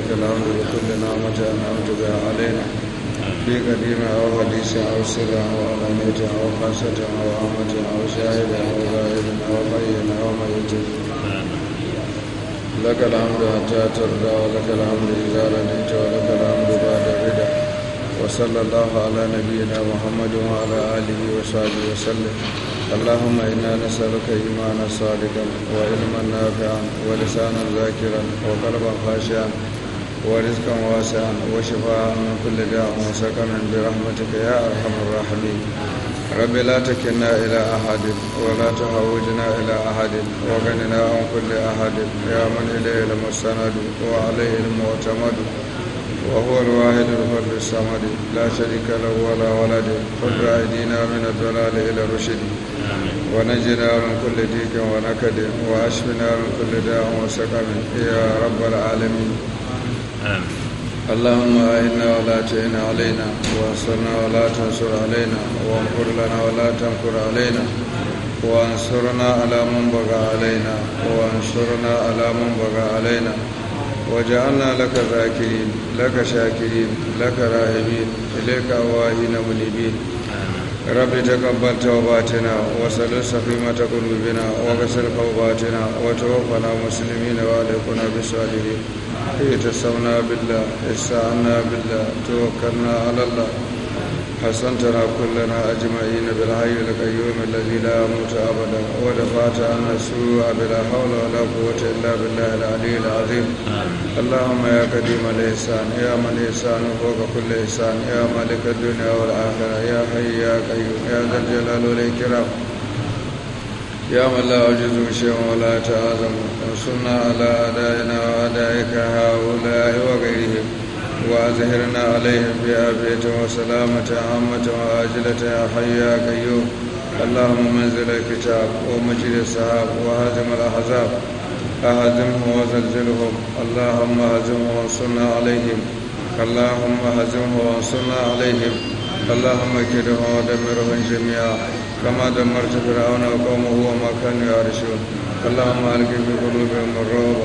لك الحمد لكل نعمة أنعمت بها علينا في قديم أو حديث أو سر أو علانية أو خاصة أو عامة أو شاهد أو غائب أو حي أو ميت لك الحمد حتى ترضى ولك الحمد إذا رضيت ولك الحمد بعد الرضا وصلى الله على نبينا محمد وعلى آله وصحبه وسلم اللهم إنا نسألك إيمانا صادقا وعلما نافعا ولسانا ذاكرا وقلبا خاشعا ورزقا واسعا وشفاء من كل داء وسكنا برحمتك يا أرحم الراحمين رب لا تكلنا إلى أحد ولا تهوجنا إلى أحد وغننا عن كل أحد يا من إليه المستند وعليه المعتمد وهو الواحد الفرد الصمد لا شريك له ولا ولد قل أيدينا من الضلال إلى الرشد ونجنا من كل ديك ونكد وأشفنا من كل داء وسقم يا رب العالمين اللهم أعنا ولا تعن علينا وانصرنا ولا تنصر علينا وانكر لنا ولا تنكر علينا وانصرنا على من بغى علينا وانصرنا على من بغى علينا وجعلنا لك ذاكرين لك شاكرين لك راهبين إليك أواهين منيبين رب تقبل توباتنا وصل السقيمة قلوبنا وغسل قوباتنا وتوفنا مسلمين وألحقنا بالصالحين اتصلنا بالله استعنا بالله توكلنا على الله حسنتنا كلنا أجمعين بالحي القيوم الذي لا موت أبدا ودفعت عنا السوء بلا حول ولا قوة إلا بالله العلي العظيم اللهم يا قديم الإحسان يا من إحسان فوق كل إحسان يا مالك الدنيا والآخرة يا حي يا قيوم يا ذا الجلال والإكرام يا من لا أجد شيء ولا تعظم انصرنا على أعدائنا وأعدائك هؤلاء وغيرهم وأظهرنا عليهم بعافية وسلامة عامة وآجلة يا حي يا قيوم اللهم منزل الكتاب ومجد السحاب وهازم الأحزاب أهزمه وزلزلهم اللهم هزمه وانصرنا عليهم اللهم هزمه وانصرنا عليهم اللهم كده ودمرهم جميعا كما دمرت فرعون وقومه وما كانوا يعرشون اللهم ألق في قلوبهم الرعب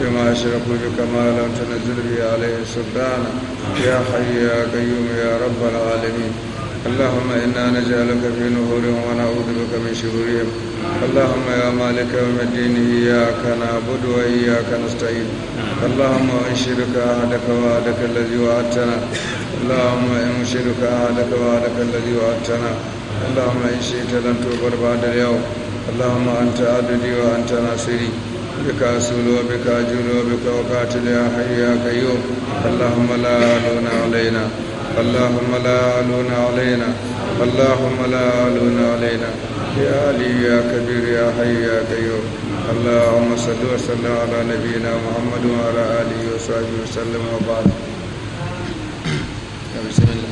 بما أشركوا بك ما لم تنزل به عليه سلطانا يا حي يا قيوم يا رب العالمين اللهم إنا نجعلك في نهورهم ونعوذ بك من شرورهم اللهم يا مالك يوم الدين إياك نعبد وإياك نستعين اللهم إن شرك أحدك وعدك الذي وعدتنا اللهم إن شرك أحدك وعدك الذي وعدتنا اللهم إن شئت لم تغفر بعد اليوم اللهم أنت عددي وأنت ناصري بك أسول وبك أجول وبك أقاتل يا حي يا قيوم اللهم لا علونا علينا اللهم لا علونا علينا اللهم لا علونا علينا يا علي يا كبير يا حي يا قيوم اللهم صل وسلم على نبينا محمد وعلى آله وصحبه وسلم وبعد بسم الله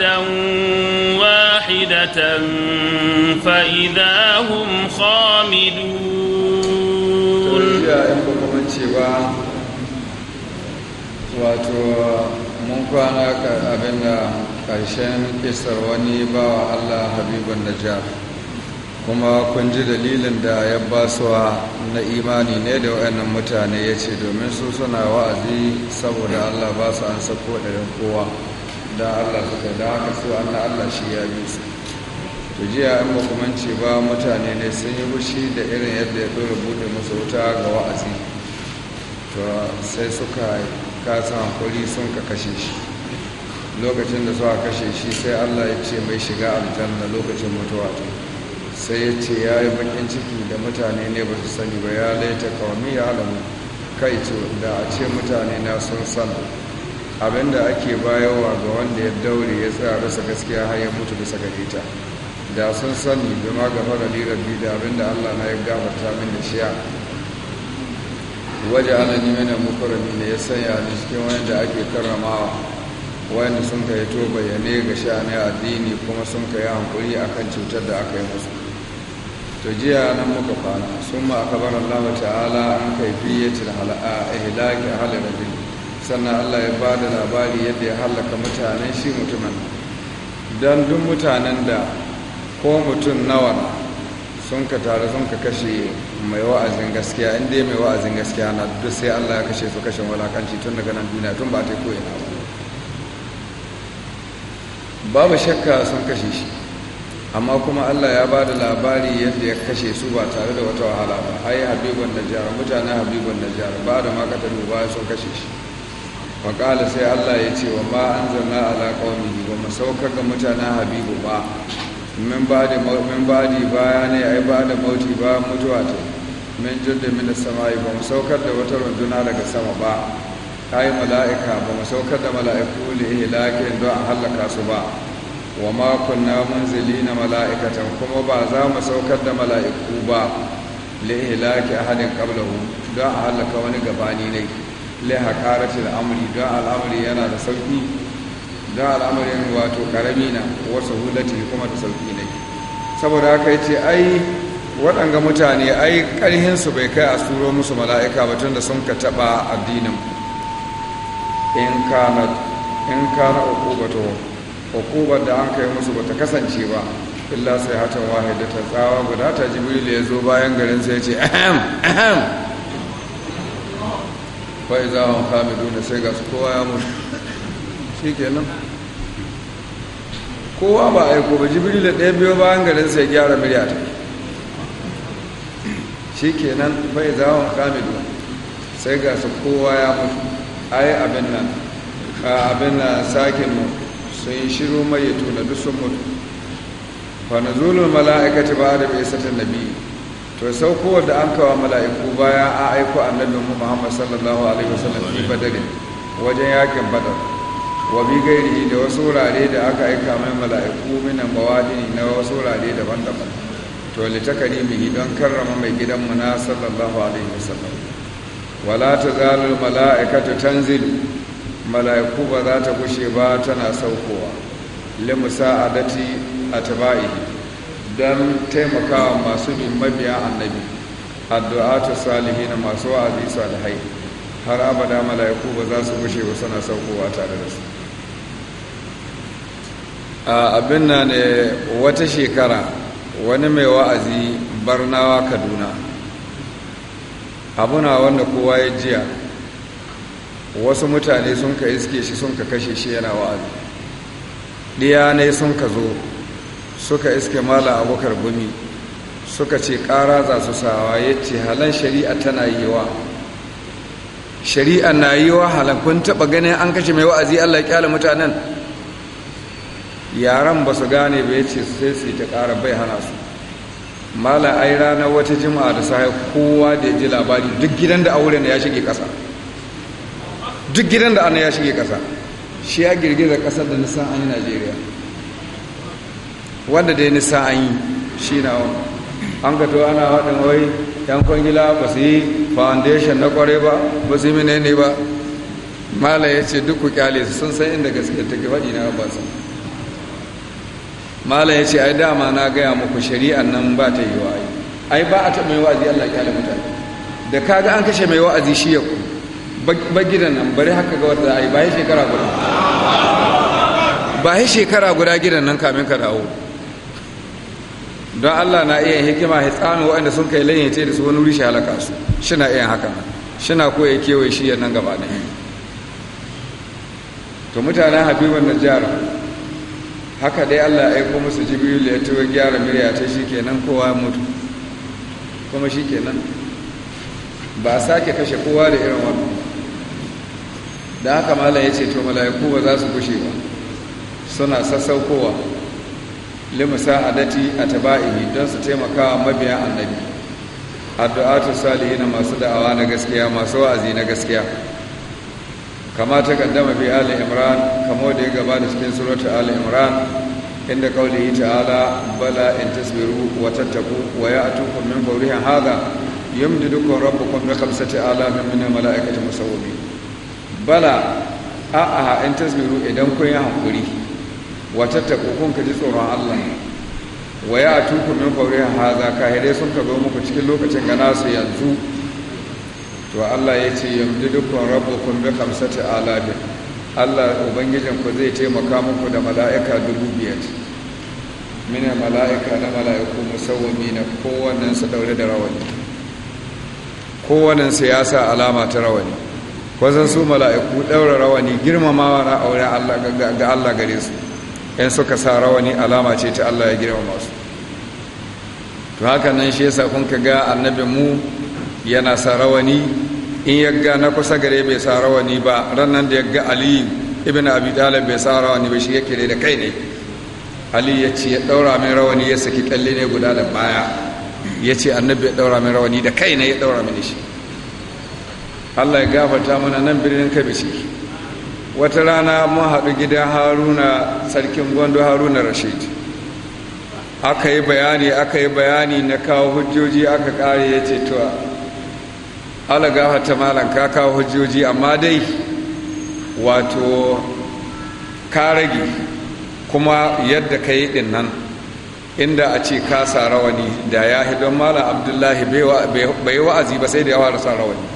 واحدة فإذا هم خامدون wato mun kwana abin da ƙarshen kisar wani ba wa Allah habibun najar kuma kun ji dalilin da ya basuwa na imani ne da waɗannan mutane ya ce domin su suna wa'azi saboda Allah ba su an sako ɗarin kowa da Allah suka da haka su an Allah shi ya yi su to jiya an ba ba mutane ne sun yi bushi da irin yadda ya dora bude musu wuta ga wa'azi to sai suka kasa hankuri sun ka kashe shi lokacin da suka kashe shi sai Allah ya ce mai shiga aljanna lokacin mutuwa sai ya ce ya yi bakin ciki da mutane ne ba su sani ba ya laita kawami ya alamu kai to da a ce mutane na sun sani abinda ake bayowa ga wanda ya daure ya tsaya rasa gaskiya har ya mutu bisa gare ta da sun sani da ma gafara da rabbi da abinda Allah na ya gafarta min da shiya waje ala ni mena mukarrami ne ya sanya ni cikin wanda ake karramawa wanda sun kai to bayyane ga sha'anin addini kuma sun kai hankuri akan cutar da aka yi musu to jiya nan muka kwana sun ma akabar Allah ta'ala an kai kaifiyatul halaka ihlaki ahli rabbi sannan allah ya ba da labari yadda ya hallaka mutanen shi mutumin don duk mutanen da ko mutum nawa sun ka taru sun ka kashe mai wa'azin gaskiya inda mai wa'azin gaskiya na duk sai allah ya kashe su kashe walakanci tun daga nan duniya tun ba ta koyi na babu shakka sun kashe shi amma kuma allah ya ba da labari yadda ya kashe su ba tare da wata wahala ba ai habibun najjar mutanen habibun najjar ba da makatalu ba sun kashe shi faƙala sai allah ya ce wa ma an zanna alaƙa wani ba mu saukar ga mutanen habibu ba min ba da baya ne ai ba da mauti ba mutuwa ta min da min samayi ba mu saukar da wata runduna daga sama ba ai mala'ika ba mu saukar da mala'iku li ihlakin don a hallaka su ba wa ma kunna na mala'ikatan kuma ba za mu saukar da mala'iku ba li a ahadin qablahu don a hallaka wani gabani ne lahakaratul amri don al'amuri yana da sauki don yana wato karami na wasu hulati kuma da sauki ne saboda haka yace ce ai waɗanga mutane ai ƙarhinsu bai kai a turo musu mala'ika batun da sun ka taɓa addinin in kana in kana uqubatu uqubar da an kai musu bata kasance ba illa sai hatan wahidatan tsawa guda ta jibril ya zo bayan garin sai ya ce ahem ahem za a hum duniya sai ga su kowa ya mutu shikenan kowa ba aiko ba jibiri da ɗaya biyo bayan garin sai gyara murya ta shikenan za a hum duniya sai ga su kowa ya mutu yi abin nan abin nan sake mu sun shiru mai tunadu sun mutu ba da mala'ikati ba'da da biyu. to saukowar da an kawo mala'iku baya a aiko annabin muhammad sallallahu alaihi wasallam fi badari wajen yakin badar wa bi gairi da wasu wurare da aka aika mai mala'iku mina mawadini na wasu wurare daban-daban to litakari bihi don karrama mai gidan mu na sallallahu alaihi wasallam wala ta zalul mala'ikatu tanzilu mala'iku ba za ta gushe ba tana saukowa limusa adati atba'ihi don taimakawa masu bin mabiya annabi addu'a ta salihi na masu wa'azi salihai har abada mala'iku ba za su gushe ba suna saukowa tare da su abin na ne wata shekara wani mai wa'azi barnawa kaduna abuna wanda kowa ya jiya wasu mutane sun ka iske shi sun ka kashe shi yana wa'azi ɗiya ne sun ka zo suka iske mala abokar gumi suka ce ƙara za su sawa ya ce halan shari'a tana yiwa shari'a na yiwa halan kun taɓa ganin an kashe mai wa'azi allah kyala mutanen yaran ba su gane ba ya ce sai su ta kara bai hana su mala ai ranar wata jima'a da sahi kowa da ya ji labari duk gidan da auren ya shige kasa duk gidan da ana ya shige ƙasa shi ya girgiza kasar da nisan an yi najeriya wanda dai nisa an yi shi na wani an ka to ana haɗin wai yan kwangila ba su yi foundation na kware ba ba su yi menene ba mala ya ce duk ku kyale su sun san inda gaske ta ke faɗi na ba su mala ya ce ai dama na gaya muku shari'an nan ba ta yi wa'azi ai ba a taɓa mai wa'azi allah kyale mutane da kaga an kashe mai wa'azi shi ya ku ba gidan nan bari haka ga wata ai ba shekara guda ba shekara guda gidan nan kamin ka dawo don Allah na iya hikima ya tsami waɗanda sun kai ce da su wani wuri shi halaka su shi na iya haka shina ko ya kewaye shi nan gaba da to mutanen na jihar, haka dai allah ya aiko musu jibril ya tuwa gyara murya ta shi kenan kowa mutu kuma shi kenan ba a sake kashe kowa da irin wani da haka malam ya ce to mala'iku ba za su kushe ba suna sassaukowa limusa adati a taba'ihi don su taimaka mabiya annabi addu'atu salihin masu da'awa na gaskiya masu wa'azi na gaskiya kama ta kaddama fi ali imran kamo da ya da cikin suratul ali imran inda qaulihi ta'ala bala in tasbiru wa tattaku wa ya'tukum min fawrihi hadha yumdidukum rabbukum bi khamsati alamin min malaikati musawwimin bala a'a in tasbiru idan kun yi hankuri wata ta ka ji tsoron Allah wa ya tuku min faure haza kahirai sun ka zo muku cikin lokacin gana su yanzu to Allah ya ce yamdi dukkan rabbukum bi khamsati alafin Allah ubangijin ku zai taimaka muku da mala'ika dubu biyar mina mala'ika na mala'iku musawwami na kowannen su daure da rawani kowannen su ya sa alama ta rawani wasan su mala'iku daura rawani girmamawa na aure Allah ga Allah gare su in suka sa rawani alama ce ta Allah ya wa masu to haka nan shi yasa kun ka ga annabi mu yana sa rawani in ya ga na kusa gare bai sa rawani ba ranan da ya ga Ali ibn Abi Talib bai sa rawani ba shi yake da kai ne Ali ya ce ya daura min rawani ya saki kalle ne guda da baya ya ce annabi ya daura min rawani da kai ne ya daura min shi Allah ya gafarta mana nan birnin Kabishi wata rana mun haɗu gidan haruna sarkin gwando haruna rashid aka yi bayani aka yi bayani na kawo hujjoji aka ƙare ya ce tuwa alagawa ta malam ka kawo hujjoji amma dai wato ka kuma yadda ka yi ɗin nan inda a ce ka sa rawani da ya don malam abdullahi bai wa'azi ba sai da yawa da sa rawani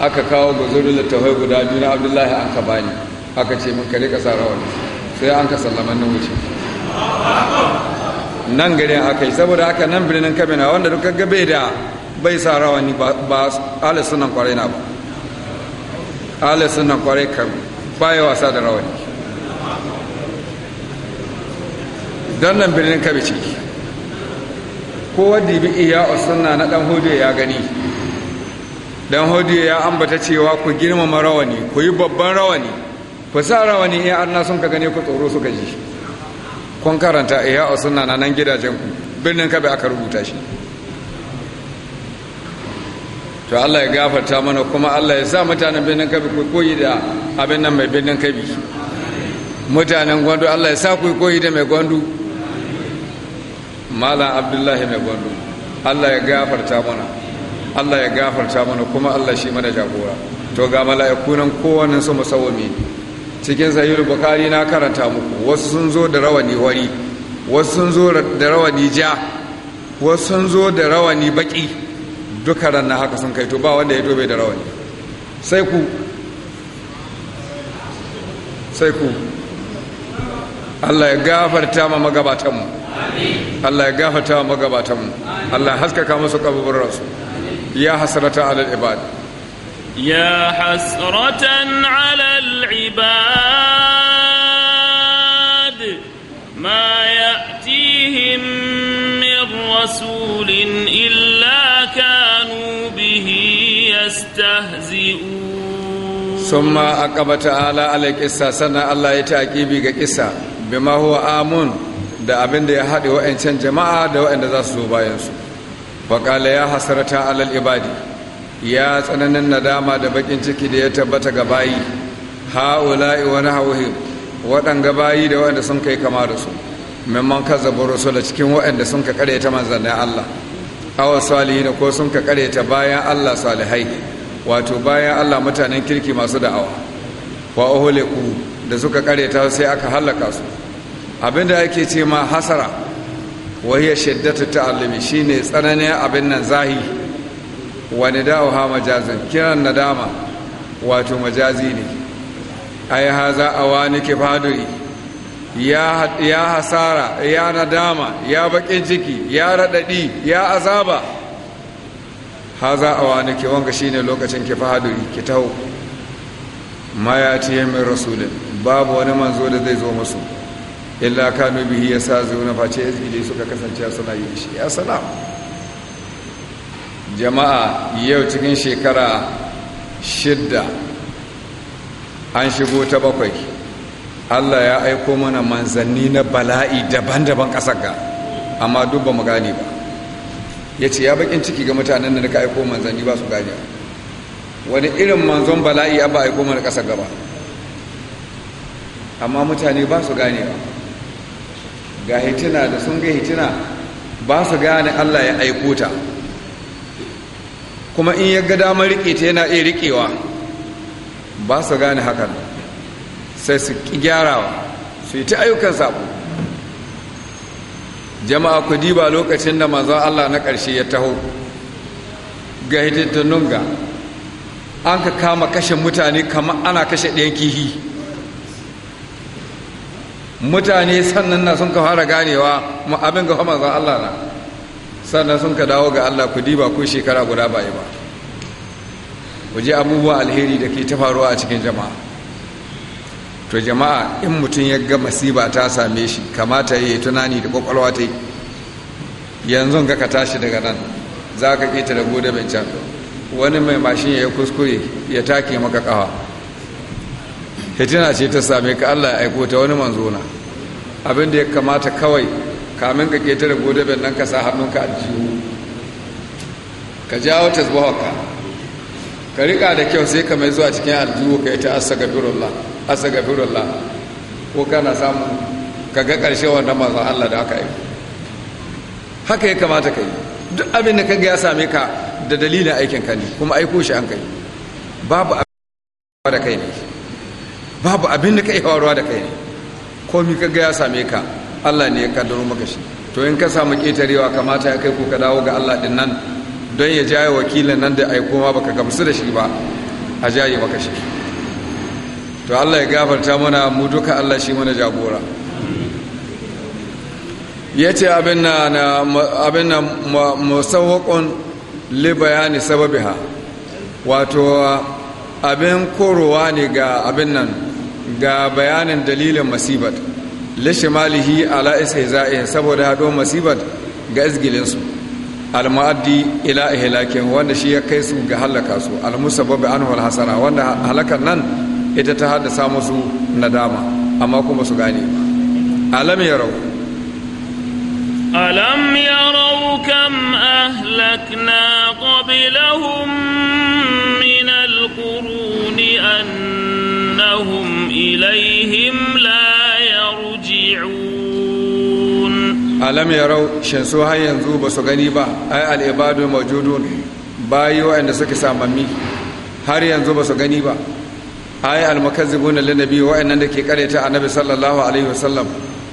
aka kawo guzurin littafai guda biyu na abdullahi an ka bani aka ce mun kare kasa rawar sai an ka sallaman na wuce nan garin aka yi saboda haka nan birnin kabina wanda duka gabe da bai sa rawani ba alis sunan kwarai na ba alis sunan kwarai kan baya wasa da rawani don nan birnin kabe ciki ko wadda bi iya osunna na dan hudu ya gani dan hodiyo ya ambata cewa ku girmama rawani ku yi babban rawani ku sa rawani ya arna sun ka gane ku tsoro suka ji kun karanta iya a sunna na nan gidajen ku birnin kabe aka rubuta shi to Allah ya gafarta mana kuma Allah ya sa mutanen birnin kabe ku koyi da abin nan mai birnin kabe mutanen gwandu Allah ya sa ku koyi da mai gwandu malam abdullahi mai gwandu Allah ya gafarta mana Allah ya gafarta mana kuma Allah shi mana jagora to ga mala'iku nan kowannen su musawami cikin sahihul bukhari na karanta muku wasu sun zo da rawani wari wasu sun zo da rawani ja wasu sun zo da rawani baki duka ran na haka sun kai to ba wanda ya dobe da rawani sai ku sai ku Allah ya gafarta ma magabatanmu Allah ya gafarta ma magabatanmu Allah haskaka musu kaburin rasul ya hasrata alal ibad ya hasratan alal ibad ma ya'tihim min rasulin illa kanu bihi yastahzi'un summa aqaba ta'ala alal qissa sannan Allah ya taqibi ga qissa bima huwa amun da abinda ya haɗi wa'ancan jama'a da wa'anda za su zo bayansu faƙala ya hasarata alal ibadi ya tsananin nadama da bakin ciki da ya tabbata ga bayi ha'ula'i wani hauhi waɗanga bayi da waɗanda sun kai kama da su memman rasu da cikin waɗanda sun ka ta manzannin Allah awa salihin ko sun ka ta bayan Allah salihai wato bayan Allah mutanen kirki masu da'awa wa ohuliku da suka ta sai aka halaka su abinda ake ce ma hasara wahiyar ta ta'allumi ne tsananin abin nan zahi wa nida'uha majazin kiran dama? wato majazi ne ai haza awani kifaduri ya ya hasara ya nadama ya bakin ciki ya radadi ya azaba haza awani ki wanga shine lokacin kifaduri ki taho ma ya tiye min babu wani manzo da zai zo masu. illa kanu bihi yasazuna face izgili suka kasance suna yi shi ya sana jama'a yau cikin shekara shidda an shigo ta bakwai Allah ya aiko mana manzanni na bala'i daban-daban ƙasar ga amma duk ba mu gane ba ya ce ya bakin ciki ga mutanen da na ka aiko manzanni ba su gane wani irin manzon bala'i ya ba aiko mana ƙasar gaba amma mutane ba su gane ba ga hitina da sun ga hitina ba su gane Allah ya aiko ta kuma in ya ga damar riƙe ta yana iya riƙewa ba su gane hakan sai su ƙi gyarawa su yi ta ayyukan sabo jama'a ku diba lokacin da manzon Allah na ƙarshe ya taho ga hitattunun ga an ka kama kashe mutane kamar ana kashe ɗayan kihi mutane sannan na sun ka fara ganewa abin ga manzon Allah na sannan sun ka dawo ga Allah ku diba ko shekara guda bai ba ku ji abubuwa alheri da ke ta faruwa a cikin jama'a to jama'a in mutum ya ga masiba ta same shi kamata ya tunani da kwakwalwa ta yanzu ga ka tashi daga nan zaka ka da gode mai can wani mai mashin ya kuskure ya take maka kafa hitina ce ta same ka Allah ya aiko ta wani manzo na abin da ya kamata kawai kamin ka ketare godabin nan ka sa hannunka a jihu ka jawo tasbihaka ka rika da kyau sai ka mai zuwa cikin aljihu ka yi ta asa asagafirullah ko kana samu ka ga ƙarshe wanda manzo Allah da aka yi haka ya kamata ka yi duk abin da kaga ya same ka da dalilin aikin ka ne kuma aiko shi an kai babu abin da kai ne babu abin da ka iya faruwa da kai ne komi ka gaya ya same ka Allah ne ya kaddaro maka shi to in ka samu ketarewa kamata ya kai ko ka dawo ga Allah din nan don ya jaye wakilin nan da aiko ma baka gamsu da shi ba a jaye maka shi to Allah ya gafarta mana mu duka Allah shi mana jagora ya ce abin na musawakon libayani sababiha wato abin korowa ne ga abin nan ga bayanin dalilin masibat lishimalihi ala ishiza'in saboda hado masibat ga izgilinsu almu'addi ila ihlakin wanda shi ya kai su ga halaka su almusabbab anhu alhasana wanda halakan nan ita ta haddasa musu nadama amma kuma su gane alam yarau alam yarau kam ahlakna qablahum min alquruni annahum ilaihim la yarji'un alam yarau shin su har yanzu ba su gani ba ai al'ibadu mawjudun bayi waɗanda suke samammi har yanzu ba su gani ba ai almakazzibuna linabi waɗannan da ke kareta annabi sallallahu alaihi wasallam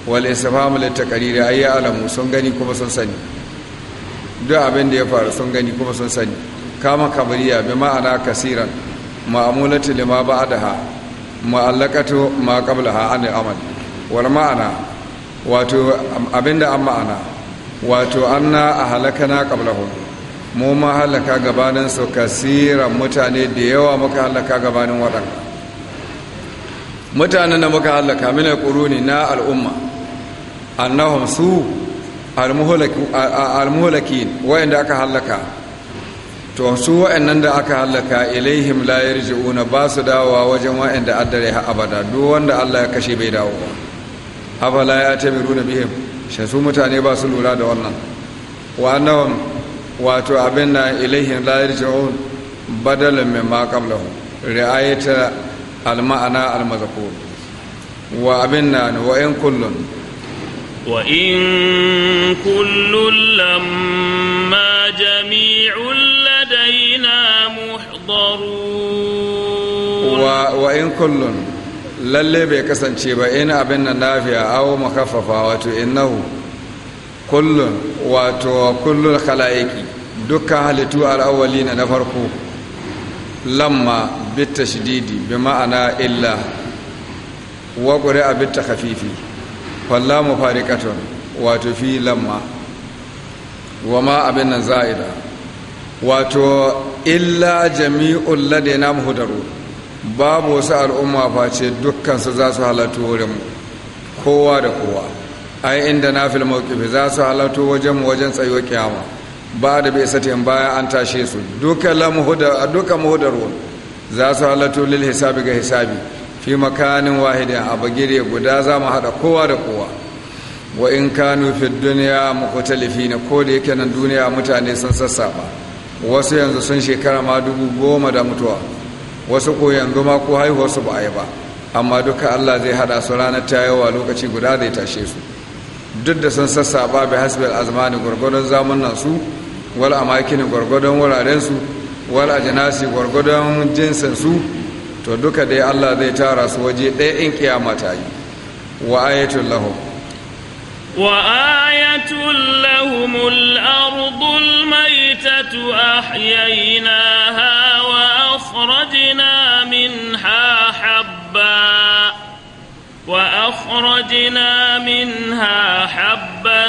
wal isfahamu litaqrir ai alamu sun gani kuma sun sani duk abin da ya faru sun gani kuma sun sani kama kabariya bi ma'ana kasiran ma'amulatu lima ba'daha ma'allakatu ma qablaha an al-amal wal ma'ana wato abinda an ma'ana wato anna ahlakana qablahum mu ma halaka gabanin su kasira mutane da yawa muka halaka gabanin wadan mutane da muka halaka mina quruni na al'umma annahum su al-muhlakin wayanda aka halaka to su wa'annan da aka halaka ilaihim la yarji'una ba su dawowa wajen wa'anda addare ha abada duk wanda Allah ya kashe bai dawo ba afala ya tamiruna bihim shi su mutane ba su lura da wannan wa annahum wato abin na ilaihim la yarji'un badalan mimma qablahu ri'ayata al-ma'ana al-mazkur wa abin na wa in kullun وإن كل لما جميع إلينا محضرون وإن كل bai kasance ba ina abin nan a awo makaffafa wato innahu kullun wato kullun khalaiki dukkan halittu al'awwali na farko lamma bitta shididi bi ma'ana illa wa ƙuri'a bitta hafifi fallamu wato fi lamma wa ma abin wato illa Lade na muhdaru babu wasu al'umma face dukkan su za su halatu wurin kowa da kowa ai inda na fil mawqifi za su halatu wajen wajen tsayo kiyama ba da bai in baya an tashe su dukkan la muhdar dukkan muhdaru za su halatu lil hisabi ga hisabi fi makanin wahidin a bagire guda za mu haɗa kowa da kowa wa in kanu fi duniya mukhtalifina ko da yake nan duniya mutane sun sassaba wasu yanzu sun shekara ma dubu goma da mutuwa wasu ko yanzu ma ko su ba a yi ba amma duka allah zai hada su ranar ta yawa lokaci guda zai tashe su duk da sun sassa ba bi hasbe azmani gwargwadon zamanan su wal makin gwargwadon wuraren su wal janasi gwargwadon jinsin su to duka dai allah zai tara su waje ɗaya in kiyama ta yi wa ayatul lahum وآية لهم الأرض الميتة أحييناها وأخرجنا منها حبا وأخرجنا منها حبا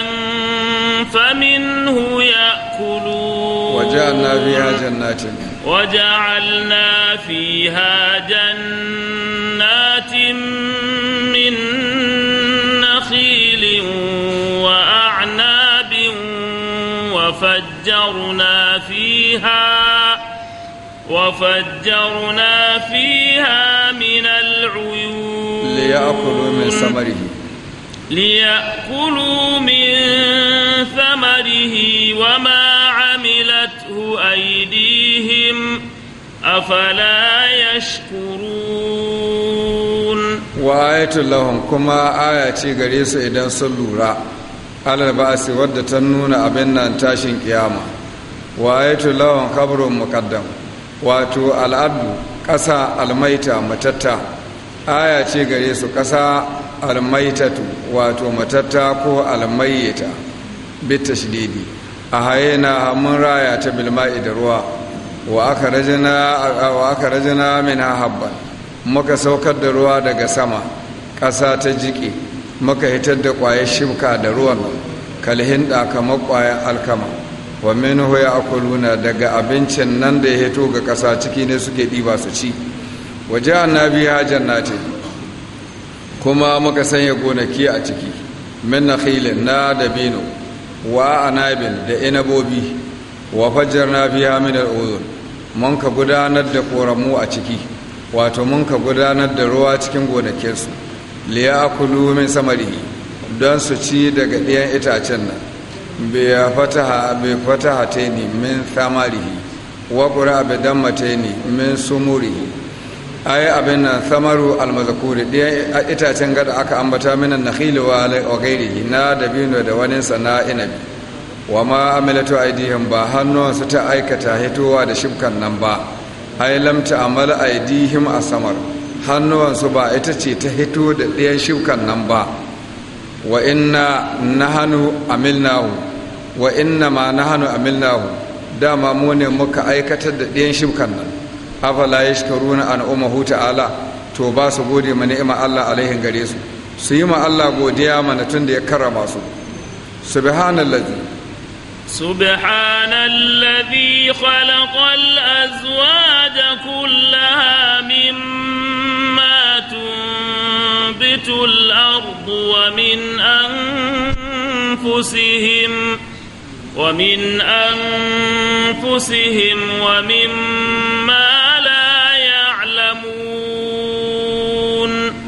فمنه يأكلون وجعلنا فيها جنات وجعلنا فيها جنات وفجرنا فيها وفجرنا فيها من العيون ليأكلوا من ثمره ليأكلوا من ثمره وما عملته أيديهم أفلا يشكرون وآية لهم كما آية غريسة إذا سلورا alal ba'asi wadda ta nuna abin nan tashin kiyama wa ayatu lawan kabrun muqaddam wato al'adu ƙasa almaita matatta aya ce gare su ƙasa almaitatu wato matatta ko almayyata bitta tashdidi a hayena mun raya ta bilma'i da ruwa wa aka rajina min habban muka saukar da ruwa daga sama ƙasa ta jiƙe maka hitar da ƙwayar shibka da ruwan da kamar ƙwayar alkama wa minhu ya akuluna daga abincin nan da ya hito ga ƙasa ciki ne suke ɗiba su ci waje annabi ya jannati kuma muka sanya gonaki a ciki min nakhilin na bino wa anabin da inabobi wa fajar na min al mun ka gudanar da koramu a ciki wato mun ka gudanar da ruwa cikin gonakinsu kulu min samarihi don su ci daga ɗiyan itacen nan bai fataha bai fataha taini min samarihi wa kura bi dammataini min sumurihi ai abin nan samaru almazkuri ɗiyan itacen gada aka ambata min na nakhil wa ghairihi na dabino da wani sana inabi wa ma amilatu aidihim ba su ta aikata hitowa da shibkan nan ba ai lamta ta'mal aidihim a samar hannuwansu ba ita ce ta hito da ɗayan shukan nan ba wa inna na hannu amilnahu wa inna ma na hannu amilnahu dama mu ne muka aikatar da ɗayan shukan nan afala ya shkaruna an umahu ala to ba su gode ma ni'ima Allah alaihin gare su su yi ma Allah godiya mana tun da ya karrama su subhanallazi سبحان الذي خلق الأزواج كلها مما الأرض ومن أنفسهم ومن أنفسهم ومما لا يعلمون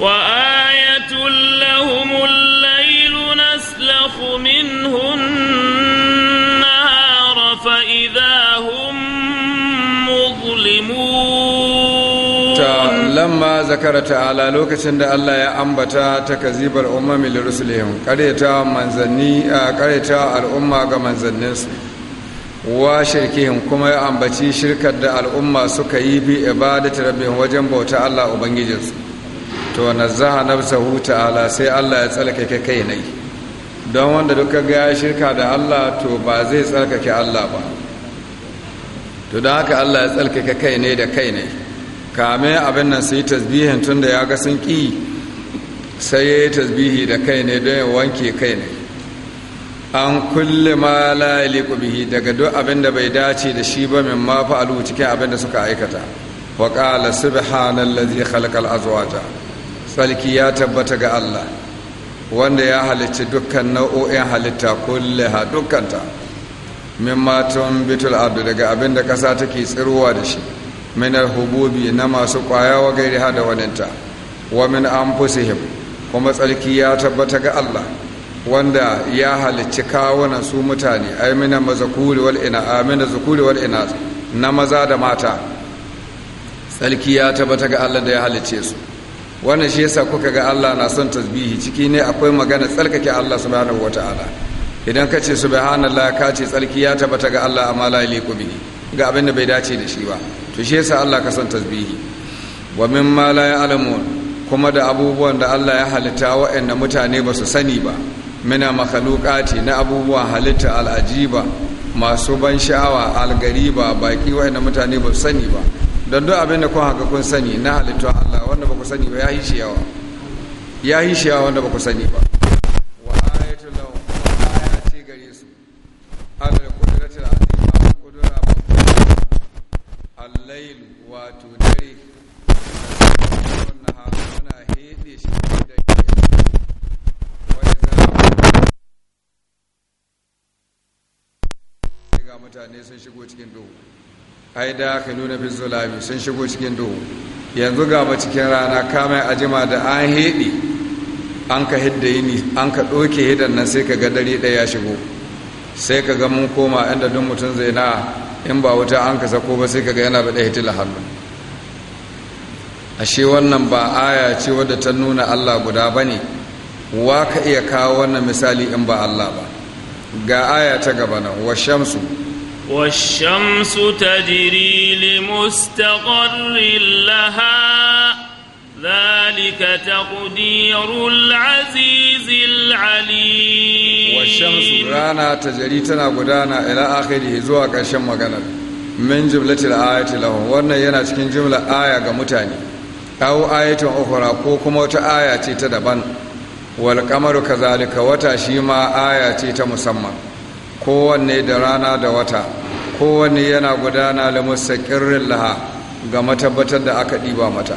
وآية لهم الليل نسلخ منه النهار فإذا هم مظلمون lamma zakara ta'ala lokacin da Allah ya ambata ta kazibar umami lirusulihim kareta manzanni a kareta al'umma ga manzanninsu wa shirkihim kuma ya ambaci shirkar da al'umma suka yi bi ibadat rabbihim wajen bauta Allah ubangijinsu to nazaha nafsahu ta'ala sai Allah ya tsalkake kai nai don wanda duka ga shirka da Allah to ba zai tsalkake Allah ba to don haka Allah ya tsalkake kai ne da kai ne kame abin nan sai tasbihin tun da ya ga sun ƙi sai ya yi tasbihi da kai ne don ya wanke kai ne an kulle ma la'ili bihi daga duk abin da bai dace da shi ba min ma alu cikin abin da suka aikata wa qala lazi khalaqal azwaja salki ya tabbata ga Allah wanda ya halicci dukkan nau'o'in halitta kulle ha dukkanta min matan bitul ardu daga abin da kasa take tsirowa da shi من الحبوب na masu kwaya wa gairi hada waninta wa min anfusihim kuma tsarki ya tabbata ga Allah wanda ya halicci kawunan su mutane ai mina mazakuri wal ina amina zakuri wal ina na maza da mata tsarki ya ga Allah da ya halicce su wannan shi yasa kuka ga Allah na son tasbihi ciki ne akwai magana tsarkake Allah subhanahu wataala idan ka ce subhanallah ka ce tsarki ya tabbata ga Allah amma la yaliqu bihi ga abin da bai dace da shi ba to shi Allah ka san tasbihi wa ma la ya'lamun kuma da abubuwan da Allah ya halitta waɗanda mutane ba su sani ba mina makhluqati na abubuwan halitta al'ajiba masu ban sha'awa algariba baki waɗanda mutane ba su sani ba don duk abin da kun haka kun sani na halitta Allah wanda ba ku sani ba ya yi ya yi wanda ba ku sani ba mutane sun shigo cikin duhu ai da ka nuna fi zulami sun shigo cikin duhu yanzu ga ba cikin rana kama a jima da an heɗe an ka hidda yini an ka ɗoke hidan nan sai ka ga dare ɗaya ya shigo sai ka ga mun koma inda duk mutum zai na in ba wuta an ka sako ba sai ka ga yana bada hitila hannu ashe wannan ba aya ce wadda ta nuna allah guda ba ne wa ka iya kawo wannan misali in ba allah ba ga aya ta gaba nan wa shamsu والشمس تجري لمستقر لها ذلك تقدير العزيز العليم والشمس رانا تجري تنا غدانا الى اخره زوا ƙarshen maganar من جملة ayati له wannan yana cikin jumla aya ga mutane aw ayatun ukhra ko kuma wata aya ce ta daban wal qamaru kazalika wata shi aya ce ta musamman kowanne da rana da wata kowanne yana gudana da mustaƙirin laha ga matabbatar da aka ɗiba mata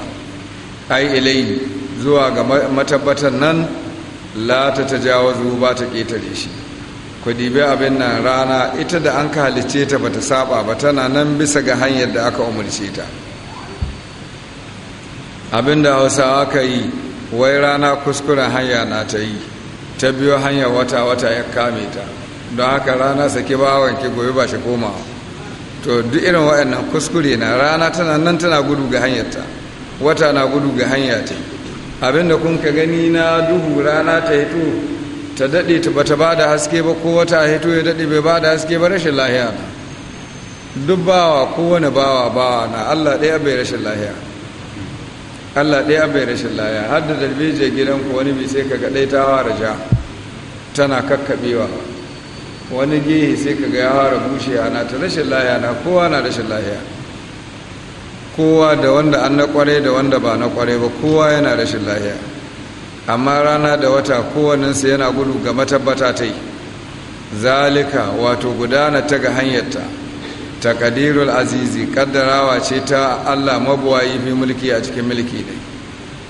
ai ilai zuwa ga matabbatar nan Lata ta jawo zuwa ba ta ƙetare shi ku ɗibe abin nan rana ita da an ka ta ba ta saba ba tana nan bisa ga hanyar da aka umarce ta abin da hausawa ka yi wai rana kuskuren hanya na ta yi ta biyo hanyar wata-wata ya kame ta don haka rana sake ke gobe ba shi komawa to duk irin waɗannan kuskure na rana tana nan tana gudu ga hanyarta wata na gudu ga hanya ta abinda kun ka gani na duhu rana ta hito ta daɗe ta bata ba da haske ba ko wata hito ya daɗe bai ba da haske ba rashin lahiya duk bawa kowane bawa bawa na allah ɗaya bai rashin lahiya allah ɗaya bai rashin lahiya har da gidan gidanku wani bi sai ka ga ɗaya ta hawa ja tana kakkaɓewa wani gehe sai ka ga ya fara bushewa na ta rashin lahiya na kowa na rashin lahiya kowa da wanda an na kware da wanda ba na kware ba kowa yana rashin lahiya amma rana da wata kowaninsu yana gudu ga matabbata ta yi zalika wato gudana ta ga hanyarta takadirul azizi kaddarawa ce ta allah mabuwayi fi mulki a cikin mulki ne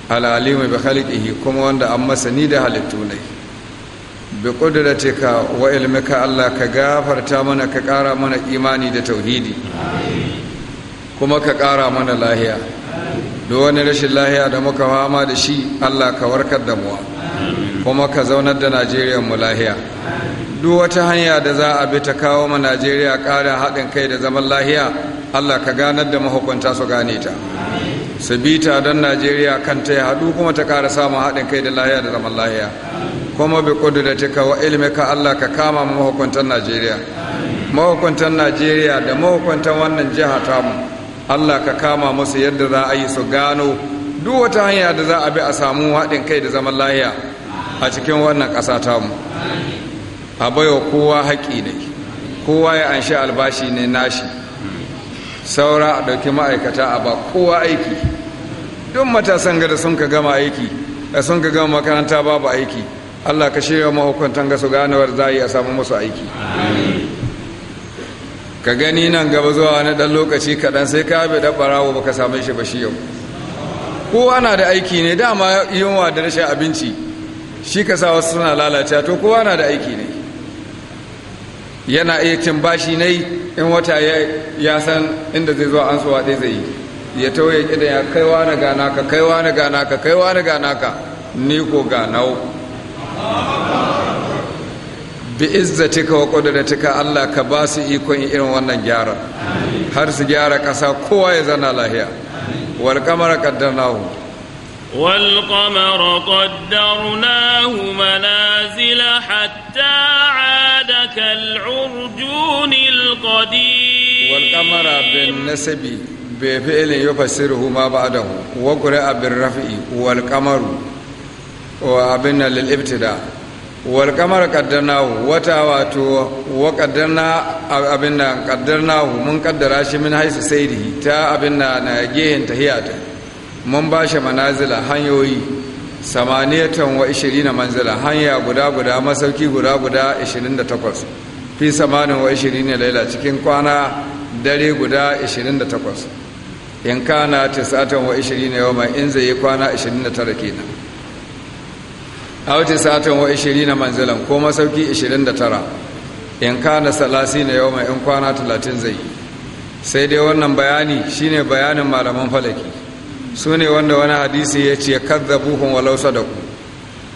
al'alimu bi halikihi kuma wanda an masani da halittu ne bi ƙudurattika wa ilmika Allah ka gafarta mana ka ƙara mana imani da tauhidi kuma ka ƙara mana lahiya duk wani rashin lahiya da muka fama da shi Allah ka warkar da muwa kuma ka zaunar da Najeriya mu lahiya duk wata hanya da za a bi ta kawo ma Najeriya ƙarin haɗin kai da zaman lahiya Allah ka ganar da mahukunta su gane ta sabita don Najeriya kan ta haɗu kuma ta ƙara samun haɗin kai da lahiya da zaman lahiya kuma bi kududatika wa ilmika Allah ka kama mu mahukuntan Najeriya mahukuntan Najeriya da mahukuntan wannan jiha tamu Allah ka kama musu yadda za a yi su gano duk wata hanya da za a bi a samu haɗin kai da zaman lahiya a cikin wannan ƙasa tamu a baiwa kowa haƙi ne kowa ya anshi albashi ne nashi saura a ɗauki ma'aikata a ba kowa aiki duk matasan gada sun ka gama aiki da sun ka gama makaranta babu aiki Allah ka shirya mahukuntan ga su ganewar za a samu musu aiki ka gani nan gaba zuwa na ɗan lokaci kaɗan sai ka bi ɗan ɓarawo ba ka same shi ba shi yau kowa na da aiki ne dama yunwa da rashin abinci shi ka sa wasu suna lalace to kowa na da aiki ne yana iya cin bashi ne in wata ya san inda zai zo an suwa ɗai zai ya tauye kidan ya kaiwa na gana ka kaiwa na gana ka kaiwa na gana ka ni ko ganau bi izzatika wa qudratika Allah ka ba su ikon irin wannan gyara har su gyara ƙasa kowa ya zana lahiya wal qamara qaddarnahu wal qamara qaddarnahu manazila hatta ada kal urjunil qadim wal qamara bin nasabi bi fi'lin yufassiruhu ma ba'dahu wa qira'a bir raf'i wal qamaru wa abin na lil'ibtida wal kamar kaddarnahu wata wato wa kaddarna abin na kaddarnahu mun kaddara shi min haisu saidi ta abin na na gehen tahiyata mun ba shi manazila hanyoyi samaniyatan wa ishirina manzila hanya guda guda masauki guda guda ishirin da takwas fi samanin wa ishirina laila cikin kwana dare guda ishirin da takwas in kana tisatan wa ishirina yau mai in zai yi kwana ishirin da tara kenan a wata satan wa 20 manzilan ko masauki 29 in kana salasi na yau mai in kwana 30 zai sai dai wannan bayani shine bayanin malaman falaki su ne wanda wani hadisi ya ce buhun walau sadaku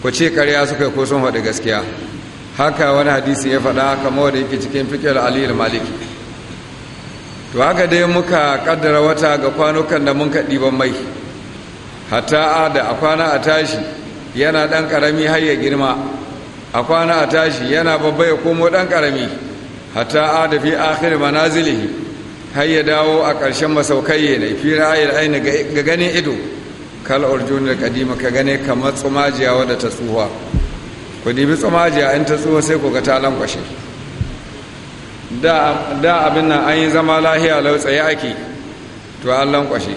ku ce karya suka ko sun faɗi gaskiya haka wani hadisi ya faɗa kamar wanda yake cikin fikir aliyu maliki to haka dai muka kaddara wata ga kwanukan da mun kaɗi ban mai hatta da a kwana a tashi yana ɗan ƙarami har ya girma a kwana a tashi yana babba ya komo ɗan ƙarami hatta a da fi akhir manazilihi har ya dawo a ƙarshen masaukai na fi ra'ayar aini ga ganin ido kal urjunul kadima ka gane kamar tsumajiya wadda ta tsuwa ku dibi tsumajiya in ta tsuwa sai ku ga ta lankwashe da abin nan an yi zama lahiya lau tsaye ake to an lankwashe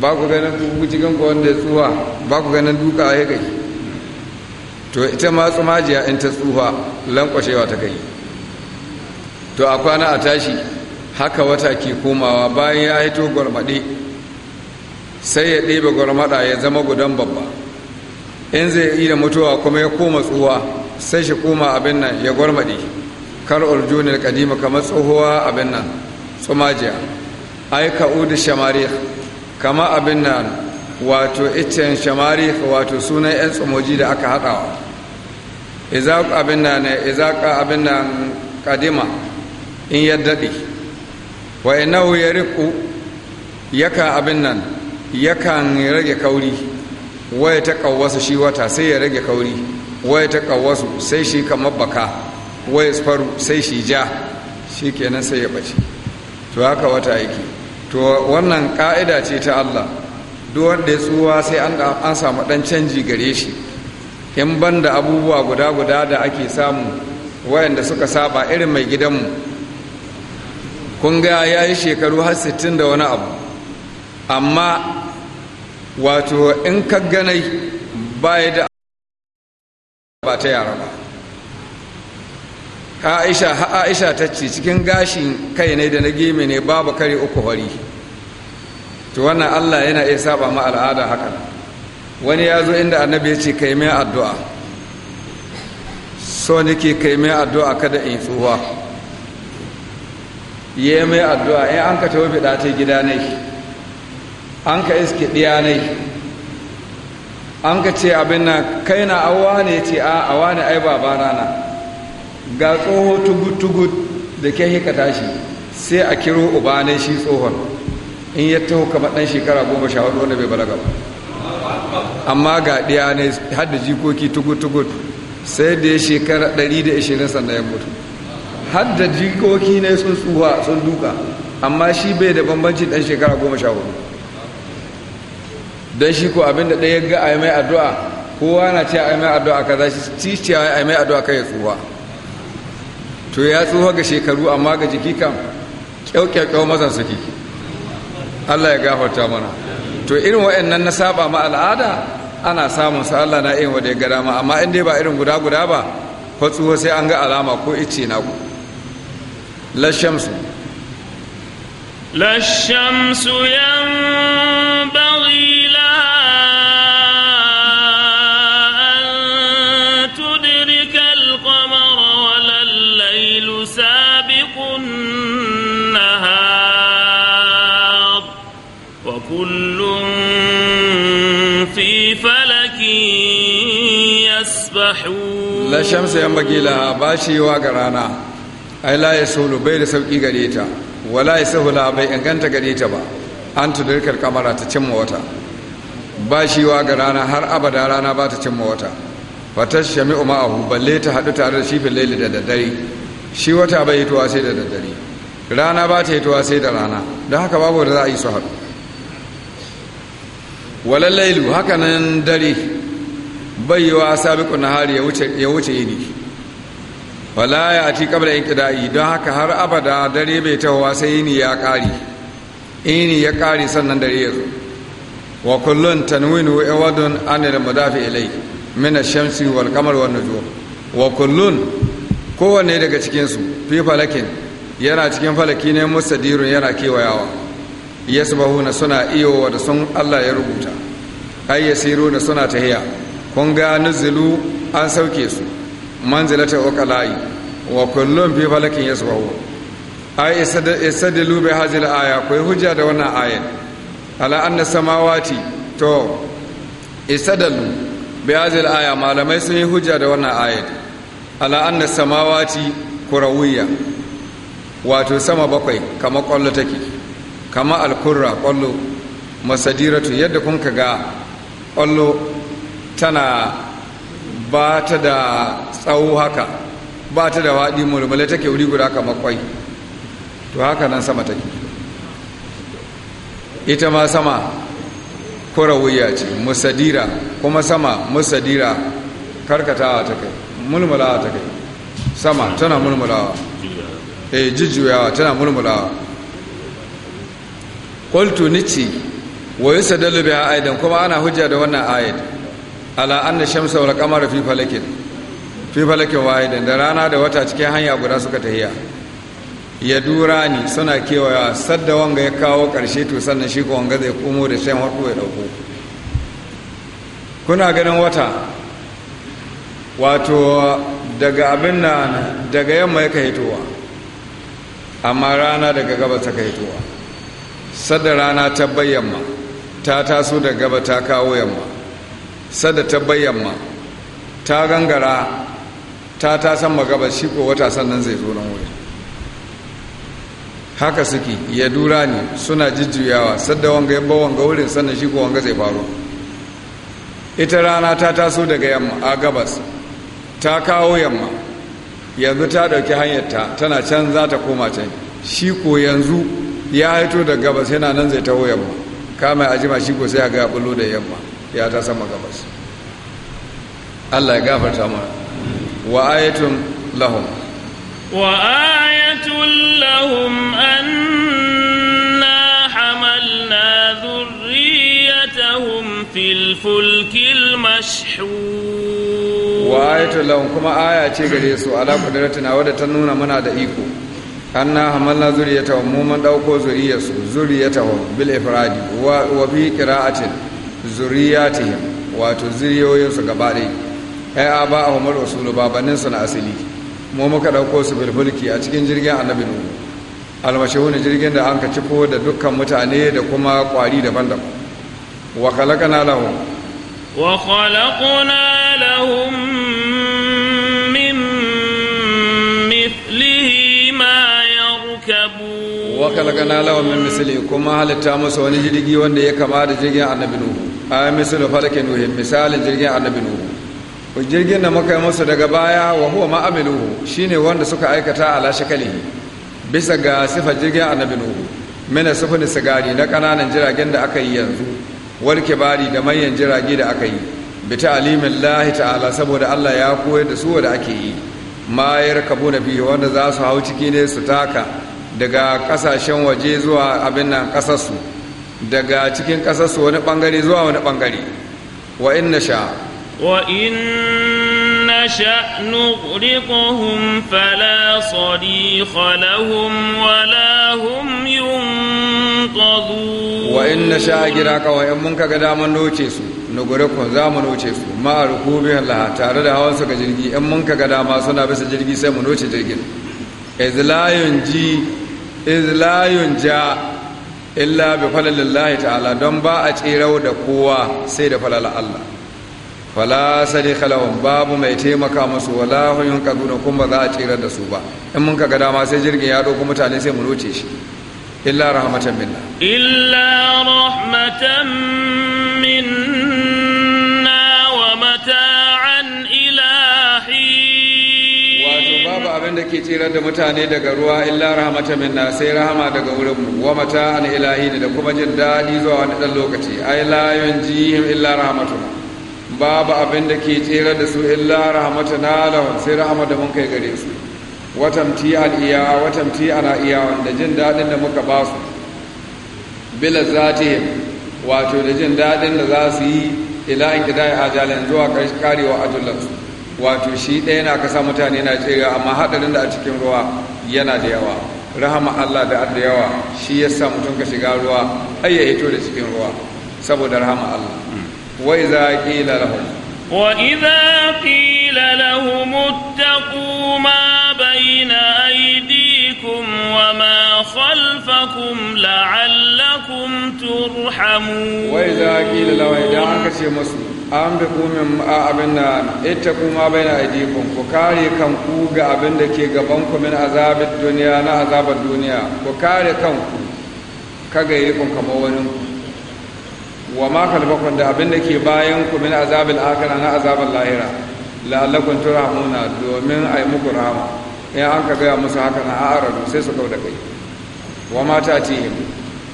ba ku ganin cikin ku wanda ya tsuwa ba ku ganin duka ya kai to ita ma tsumajiya in ta tsufa lankwashewa ta kai to a kwana a tashi haka wata ke komawa bayan ya haito gwarmaɗe sai ya ɗebe gwarmaɗa ya zama gudan babba in zai yi da mutuwa kuma ya koma tsuwa sai shi koma abin nan ya gwarmaɗe kar urjunin kadima kamar tsohuwa abin nan tsumajiya ai ka'u da shamari kama abin nan wato iccen shamari wato sunan 'yan tsumoji da aka haɗawa izaq abin nan izaq abin nan kadima in ya dade wa innahu yariqu yaka abin nan yakan rage kauri waya ta kawwasu shi wata sai ya rage kauri waya ta kawwasu sai shi kamar baka waya faru sai shi ja shi kenan sai ya bace to haka wata yake to wannan ka'ida ce ta Allah duk wanda ya tsuwa sai an samu dan canji gare shi in ban da abubuwa guda guda da ake samu wayanda suka saba irin mai gidanmu kun ya yi shekaru har sittin da wani abu amma wato in ka ganai baya da ba ta yara ba aisha ta ce cikin gashin kai ne da na geme ne babu kare uku hori to wannan allah yana iya saba ma al'ada haka wani ya zo inda annabi ya ce ka yi mai addu'a so nake ka yi mai addu'a kada in tsuwa ya yi mai addu'a in an ka tawo biɗa ta gida ne an ka iske ɗiya ne an ka ce abin nan kai na awa ne ce a awa ne ai babana na ga tsoho tugut-tugut da ke hikata shi sai a kiro uba ne shi tsohon in ya taho kamar ɗan shekara goma sha hudu wanda bai balaga ba amma ga ɗaya ne har da jikoki tugut-tugut sai da ya shekara 120 sannan ya mutu har da jikoki ne sun tsuwa sun duka amma shi bai da bambancin ɗan shekara goma sha hudu don shi ko abin da ɗaya ga a mai addu'a kowa na ce a mai addu'a ka za shi cewa a mai addu'a kai ya tsuwa to ya tsuwa ga shekaru amma ga jiki kam kyau kyau masa suke Allah ya gafarta mana to irin waɗannan na saba ma al'ada ana samun su Allah na iya wanda ya gada ma amma in ba irin guda guda ba fatsuwa sai an ga alama ko ice na ku la shamsu la shamsu yanbaghi يسبحون لا شمس ينبغي لها باشي وقرانا أي لا يسهل بير سوكي قريتا ولا يسهل بي أنت قريتا با أن تدرك الكاميرا rana وتا باشي وقرانا هر ta رانا با تتم balle ta haɗu tare da shi laili da daddare shi wata bai sai da daddare rana ba ta tuwa sai da rana don haka babu da za a yi su haɗu walallailu haka nan dare bayyawa sabiqun nahari ya wuce ya wuce iri. wala ya kabla yin inqida'i don haka har abada dare bai tawa sai yini ya kari yini ya kari sannan dare ya zo wa kullun tanwinu iwadun anil mudafi ilai min ash-shamsi wal qamari wan nujum wa kullun kowanne daga cikin su fi falakin yana cikin falaki ne musadirun yana kewayawa yasbahuna suna iyo da sun Allah ya rubuta ay suna tahiya kun ga nuzulu an sauke su manzilata uqala'i wa kullum fi falakin yasbahu ay isadilu bi hadhihi aya kai hujja da wannan ayat ala anna samawati to isadilu bi hadhihi aya malamai sun yi hujja da wannan ayat ala anna samawati kurawiya wato sama bakwai kama kwallo take kama alkurra kwallo masadiratu yadda kun ka ga kwallo tana ba ta da tsawo haka ba ta da waɗi mulmule take wuri guda kamar makwai to haka nan sama take ita ma sama kura wuya ce musadira kuma sama musadira karkatawa ta kai mulmulawa ta kai sama tana mulmulawa e jujjuyawa tana mulmulawa kultu nici wa yi dalubi a aidan kuma ana hujja da wannan aidan ala anna shamsa wal qamara fi falakin fi falakin wahidin da rana da wata cikin hanya guda suka tahiya ya dura ni suna kewaya sadda wanga ya kawo ƙarshe to sannan shi ko wanga zai komo da shan hudu ya ɗauko kuna ganin wata wato daga abin na daga yamma ya hitowa amma rana daga gaba ta hitowa sadda rana ta bayyamma ta taso daga gaba ta kawo yamma sada ta bayyamma ta gangara ta ta san magaba shi ko wata sannan zai zo nan wuri haka suke ya dura ne suna jijjuyawa sadda wanga yabba wanga wurin sannan shi ko wanga zai faru ita rana ta taso daga yamma a gabas ta kawo yamma yanzu ta ɗauki hanyarta tana can za ta koma can shi ko yanzu ya haito da gabas yana nan zai taho yamma kama ya ajima shi ko sai a ga bulo da yamma ya ta sama gabas Allah ya gafarta mana wa ayatun lahum wa ayatun lahum anna hamalna dhurriyyatahum fil fulkil mashhur wa ayatun lahum kuma aya ce gare su ala qudratina wadda ta nuna mana da iko anna hamalna zuriyatahum mu mun dauko zuriyarsu zuriyatahum bil ifradi wa wa fi qira'atin zuriyatihim wato zuriyoyinsu gaba ɗai ai a ba a umar rasulu babaninsu na asali mu muka ɗauko su bilbulki a cikin jirgin annabi nuhu almashahuna jirgin da an ka ko da dukkan mutane da kuma ƙwari daban-daban wa khalaqna lahum wa khalaqna lahum min mithlihi ma yarkabu wa khalaqna lahum min mithlihi kuma halitta musu wani jirgi wanda ya kama da jirgin annabi nuhu a misal falake nuhin misalin jirgin annabi nuhu jirgin da muka yi musu daga baya wa huwa ma amiluhu shine wanda suka aikata ala shakalihi bisa ga sifa jirgin annabi nuhu mina sifin sigari na kananan jiragen da aka yi yanzu wal kibari da manyan jirage da aka yi bi ta'limin lahi ta'ala saboda Allah ya koyar da su da ake yi ma yarkabuna biyu wanda za su hau ciki ne su taka daga kasashen waje zuwa abin nan kasarsu su daga cikin ƙasarsu wani ɓangare zuwa wani ɓangare wa in na sha wa in na sha nuqriquhum fala sarikha lahum wala hum yunqadhu wa in na sha gira kawai in mun kaga daman noce su nuqriquhum za mu noce su ma rukubi laha tare da hawan su ga jirgi in mun kaga dama suna bisa jirgi sai mu noce jirgin izlayun ji izlayun ja illa bi falalillahi ta'ala don ba a tsirau da kowa sai da falal Allah fala sadi khalahum babu mai taimaka musu wala hun kaduna kuma ba za a tsirar da su ba in mun kaga dama sai jirgin ya dauko mutane sai mu roce shi illa rahmatan minna illa rahmatan minna wa abin da ke tsirar da mutane daga ruwa illa rahmatan minna sai rahama daga wurin mu wa mata an ilahi da kuma jin dadi zuwa wani dan lokaci ai la yunjihim illa rahmatuna babu abin da ke tsirar da su illa rahmatuna lahum sai rahama da mun kai gare su watamti al iya watamti ana iya wanda jin dadin da muka ba su bila zatihim wato da jin dadin da za su yi ila in kidai ajalin zuwa karewa ajullansu wato shi ɗaya na kasa mutane na cewa amma haɗarin da a cikin ruwa yana da yawa rahama Allah da da yawa shi ya sa mutum ka shiga ruwa ai ya hito da cikin ruwa saboda rahama Allah hmm. wa idza qila lahum wa idza qila lahum ittaqu ma bayna aydikum wa ma khalfakum la'allakum turhamun wa idza qila lahum idan aka ce musu an bi kumin abin da ita kuma bai na aidikun ku kare kanku ga abin da ke gaban ku min azabin duniya na azabar duniya ku kare kanku ka ga kun kama wani wa ma kalbakun da abin da ke bayan ku min azabin akara na azabar lahira la'allakun muna domin a yi muku rama in an ka gaya musu haka na a'arar sai su kau da kai wa ma ta tihim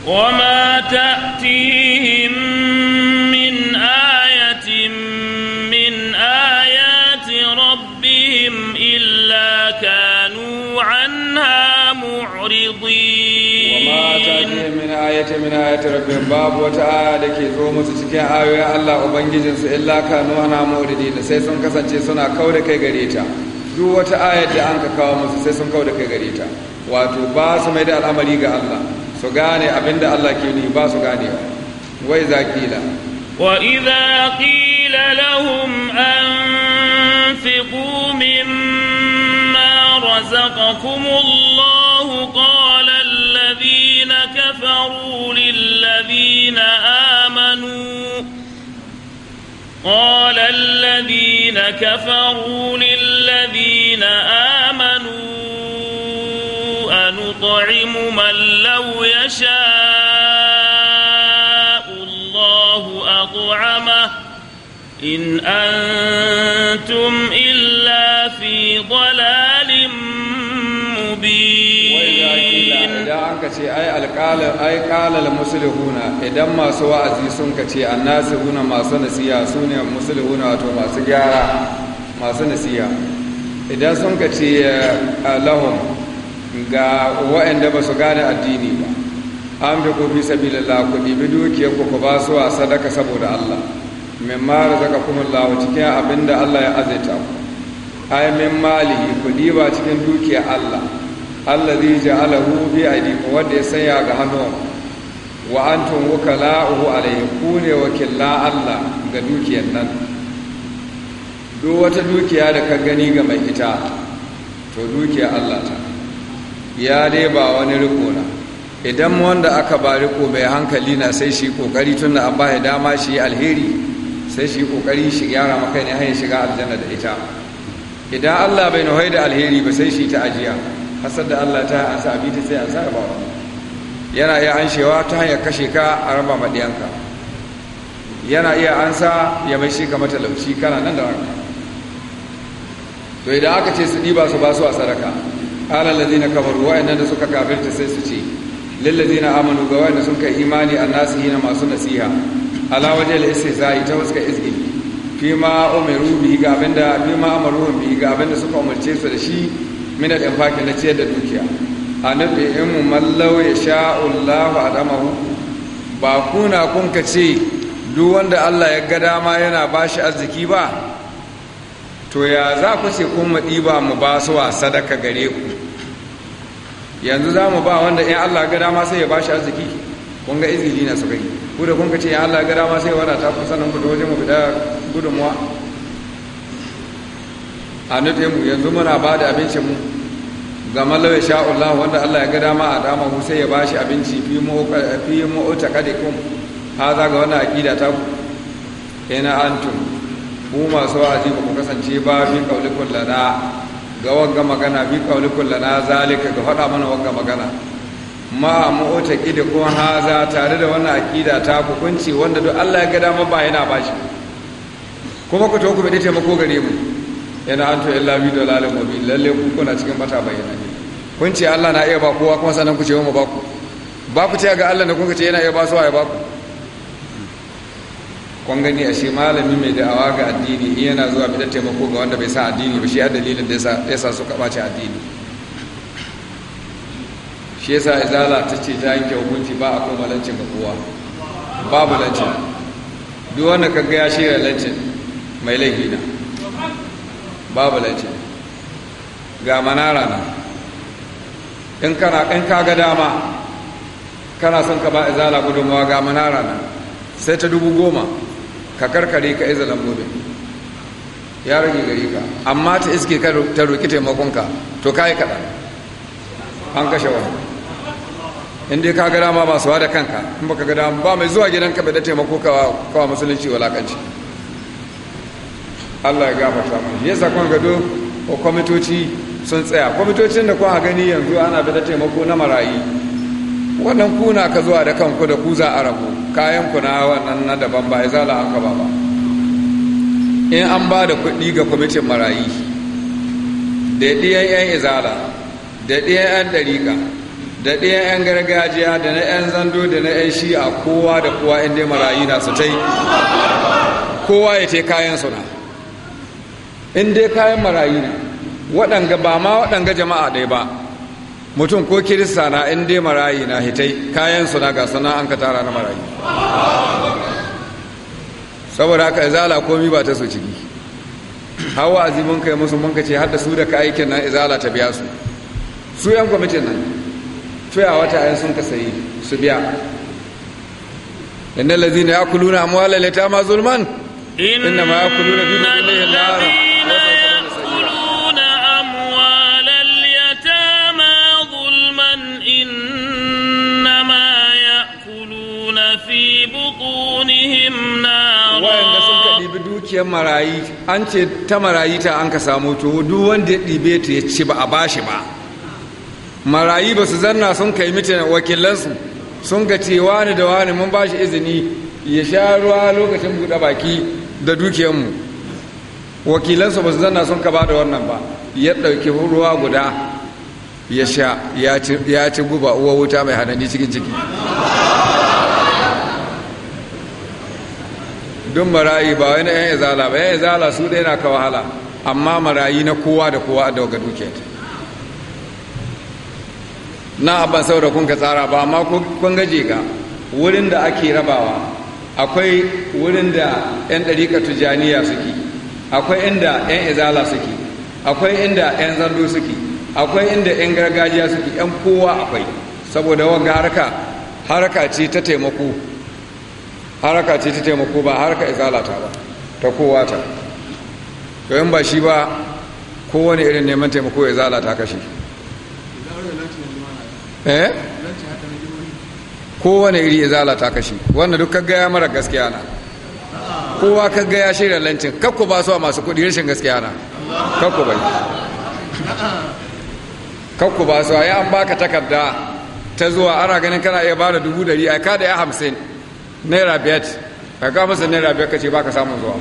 wa ma ta tihim آية من آيات ربهم إلا كانوا عنها معرضين وما تأتيهم من آية من آيات ربهم باب وتعالى لكي زوم تتكين آية الله أبنجزن إلا كانوا عنها معرضين سيسون كسان سنة كورك غريتا duk wata ayar da an ka kawo musu sai sun kawo da kai gare ta wato ba su mai da al'amari ga Allah su gane abinda Allah ke ni ba su gane wai zakila وإذا قيل لهم أنفقوا مما رزقكم الله قال الذين كفروا للذين آمنوا قال الذين كفروا للذين آمنوا أنطعم من لو يشاء مطعمه ان انتم الا في ضلال mubin idan an ka ai alƙalin ai idan masu wa'azi sun ka ce annasihuna masu nasiya su masu nasiya idan sun ka ce ga waɗanda ba su gane addini ba an fi bisa sabilillah ku ɗibi dukiyar ku ba su a sadaka saboda Allah min ma zaka kuma lawo cikin abin da Allah ya azaita ku ai min malihi ku ɗiba cikin dukiyar Allah Allah zai ja'alahu bi aidiku wanda ya sanya ga hannu wa wuka wukala'uhu alayhi ku ne wakilla Allah ga dukiyar nan duk wata dukiya da ka gani ga mai ita to dukiyar Allah ta ya dai ba wani riko na idan wanda aka bari ko mai hankali na sai shi kokari tun da an ba dama shi alheri sai shi kokari shi gyara maka ne hanyar shiga aljanna da ita idan Allah bai nuhai da alheri ba sai shi ta ajiya hasar da Allah ta ansa abi ta sai an sa wa yana iya anshewa ta hanyar kashe ka a raba madiyanka yana iya ansa ya mai shi ka matalauci kana nan da wanka. to idan aka ce su ɗiba su ba su a sadaka ƙalar lalzina kamar ruwa inda suka kafirta sai su ce na amanu ga wanda sun kai imani na masu nasiha ala wajhil istihza'i ta fuskar izgi ma umaru bihi ga abinda ma amaruhum bihi ga abinda suka umarce su da shi mina al fakin na ciyar da dukiya A nufi in mallau yasha'u Allahu adamahu ba kuna kun ka ce duk wanda Allah ya ga dama yana ba shi arziki ba to ya za ku ce kun ba mu ba su sadaka gare ku yanzu za mu ba wanda ya Allah gada ma sai ya ba shi arziki kun ga izini na su kai ku da kun ka ce ya Allah gada ma sai wadata ku sanan ku waje mu fita gudunmuwa a mu yanzu muna ba da abincin mu ga mallawa sha Allah wanda Allah ya ga dama a dama sai ya ba shi abinci fi mu fi mu ha haza ga wannan aqida ta ku ina antum ku masu wa'azi ku kasance ba fi qaulikum ga wanga magana bi kaulikun lana zalika ga faɗa mana wanga magana ma ota da ko haza tare da wannan akida ta hukunci wanda duk Allah ya ga dama ba yana bashi kuma ku to ku bi mako gare mu yana anto illa bi dalal mubin lalle ku kuna cikin bata bayyana kun ce Allah na iya ba kowa kuma sanan ku ce mu ba ku ba ku ce ga Allah ne kun ce yana iya ba su ya ba ku kun gani shi malami mai da'awa ga addini in yana zuwa bi da taimako ga wanda bai sa addini ba shi ya dalilin da ya sa suka ɓace addini shi yasa izala ta ce ta yanke hukunci ba a koma lancin ga kowa babu lancin duk wanda ka ga ya shirya lancin mai laifi na babu lancin ga manara na in kana in ka ga dama kana son ka ba izala gudunmawa ga manara na sai ta dubu goma ka karkare ka iza lambobin ya rage gari ka amma ta iske ka ta roki taimakonka to ka yi kaɗan an kashe wani inda ka gada ma ba da kanka in baka gada ba mai zuwa gidan ka da taimako kawa musulunci walakanci allah ya ta mai ya sakon gado ko kwamitoci sun tsaya kwamitocin da kwa gani yanzu ana da taimako na marayi wannan kuna ka zuwa da kanku da ku za a rabu kayan ku na wannan na daban ba izala aka ba ba in an ba da kuɗi ga kwamitin marayi da ɗiyan 'yan izala da ɗiyan 'yan ɗariƙa da ɗiyan 'yan gargajiya da na 'yan zando da na 'yan shi'a kowa da kowa inda marayi na su ta yi kowa ya ce kayan na. in dai kayan marayu ne waɗanga ba ma waɗanga jama'a ɗaya ba mutum ko kirista na in dai marayi na hitai kayan suna ga sana an ka tara na marayi saboda haka izala komi ba ta so ciki hawa azimin kai musu mun ka ce hadda su da ka aikin nan izala ta biya su su yan kwamitin nan tuya wata ayan sun ka sayi su biya innal ladzina yakuluna amwala latama zulman innama yakuluna bi dhulmin nar dukiyar marayi an ce ta marayi ta an ka samu to duk wanda ya ɗibe ta ya ci ba a bashi ba marayi ba su zanna sun kai mita wakilansu sun ga ce wani da wani mun bashi izini ya sha ruwa lokacin buɗe baki da dukiyarmu wakilansu ba su zanna sun ka ba da wannan ba ya ɗauki ruwa guda ya sha ya ci guba uwa wuta mai hanani cikin ciki duk marayi ba wani yan izala ba yan izala su dai na ka wahala amma marayi na kowa da kowa a daga duke na abban sau da kun ka tsara ba amma kun gaje ga wurin da ake rabawa akwai wurin da 'yan ɗarika tujaniya suke akwai inda 'yan izala suke akwai inda 'yan zando suke akwai inda 'yan gargajiya suke 'yan kowa akwai saboda wanga harka harka ce ta taimako haraka ce ta taimako ba haraka izalata ba ta kowa ta to in ba shi ba kowane irin neman taimako ya zalata kashi eh kowane iri ya zalata kashi wanda duk ka gaya mara gaskiya na kowa ka gaya shirya lancin kakko ba su a masu kudi rashin gaskiya na kakko ba kakko ba su a yi an baka takarda ta zuwa ana ganin kana iya ba da dubu dari a kada ya hamsin naira biyat ka ga masa naira biyat ka ce ba ka samun zuwa